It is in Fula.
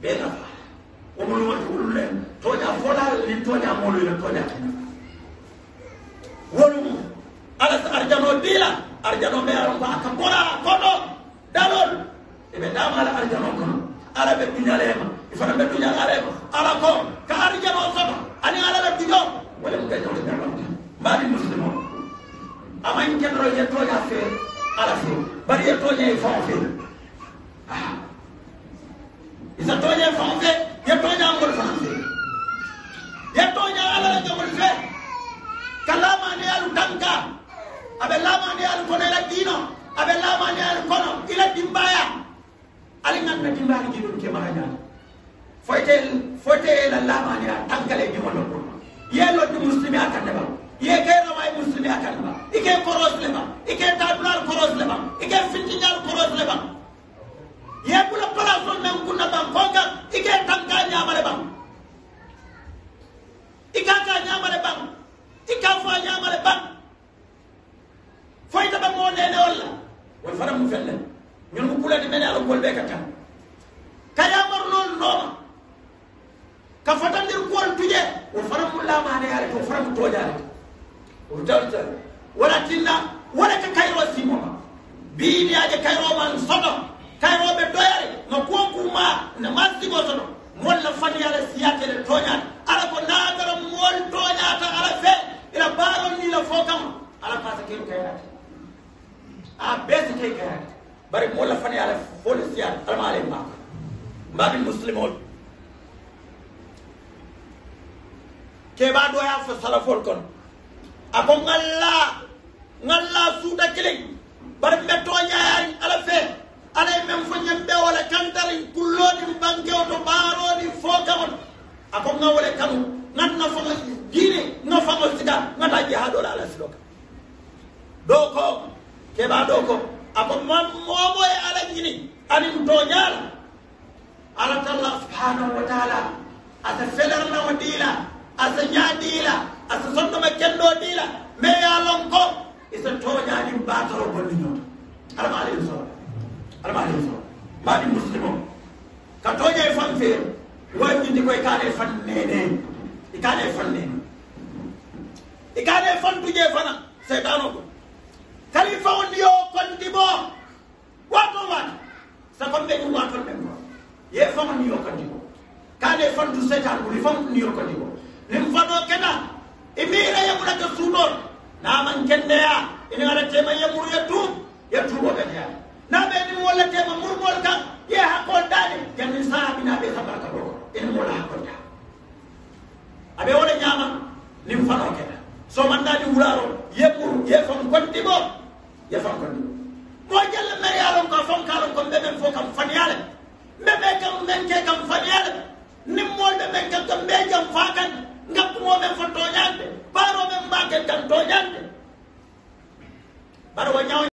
be nafa omolu wa hulule toña fola ni toña moluyle toña kene wolum alas arjano dila arjano meyaro ko aka bola kono dalol eɓe damala arjano kono ala ɓe duñalema ifana ɓe duñal arema ala ko ka arjano soba ani alala duño walem gañoto ñaganta mbaɗi muslim o amañ kenroye toña fe ala fe bari ye toñe fan fe nga tooñee français ya tooñaa ngol français ya tooñaa alala jogol fe ka lamande alu danka aɓe lamande alu kono ela diino aɓe lamande alu kono ila dimbaya ali ganna dimbaani jiɗum ke mañaa foyte foyte ela lamande a tankale jumolo ɗum ye lodde muslimi a kande ba ye ke rawaye muslimi a kande ba ike koros le ba ike tadulal koros le ike fintiñal koros le ba E mo nene walla wol fata mu felle ñon mu kulani mene ala golɓe ka tan kayamar lol nooma ka fatandir kuwol tuƴe wol fata mu lamane yarete wol fata mu toñarete wol tawta wala tinna wala ka kayro simoma biniyaje kayroman soto kayroɓe doyare no kokuma nama sigo soto molla fani ala siyatele toñade ala ko nagara mol toñata ala fe ila baron ni la fo kam ala pasa kero kayrate a ɓeeti tey garani bari moolla fani ala folisiyan alama ala mbaako mbaɓi muslim ol keɓa ɗoya fo salafol kono a ko ngalla ngalla suuda kiling bari mbettoñayani ala fe alay men fo ñamɓe wala kantari kulloni banque o to ɓaaroni fo kamon a ko ngawole kanu ngan nafa diine nafa o sida ngata jehaɗole ala siɗoka ɗo ko keɓa ɗo ko amma momo e ala jini anin doñal arata allah subhanahu wa taala asa felarnawo diila asa ñaɗiila asa sondoma kenɗo diila meya lon ko isa toñanin batoro golli ñoto alama alayhi sala alama alayhi sala mbaɗi muslimo ka toña e fan feer wajjindi koye kaane e fan nene i e kaane e fan nene i e kaane e fan duƴe e fana seytan o ɗum fawndi o konndi boo woɗɗo waata so kon ɓe ɗum waton ɓe boo ye fawndi o konndi boo kaane fandu setan ɓuri fawndi o konndi boo nin fano keɗa e miira yeɓurake suuɗol naman kenneya ene waɗatema yemuru ye tuub ye tuuɓoɓe heya naɓe ɗin wollatema murgol kan ye hakkol daɗe jannin sahabinaɓe sabaraka ɗo ene mola hakkolda aɓe wona ñama nin fano keɗa so manndaɗi wuraro yeɓɓuru ye fam konndi boo yafa konde mo jalla mariyalon ko fonkalon kon ɓeɓen fo kam faniyale ɓeɓe kam menke kam faniyale nimmolɓe men kam kam ɓe jam fakande gabtumomen fo toñande baroɓe mbaken kam toñande baro wa ñawo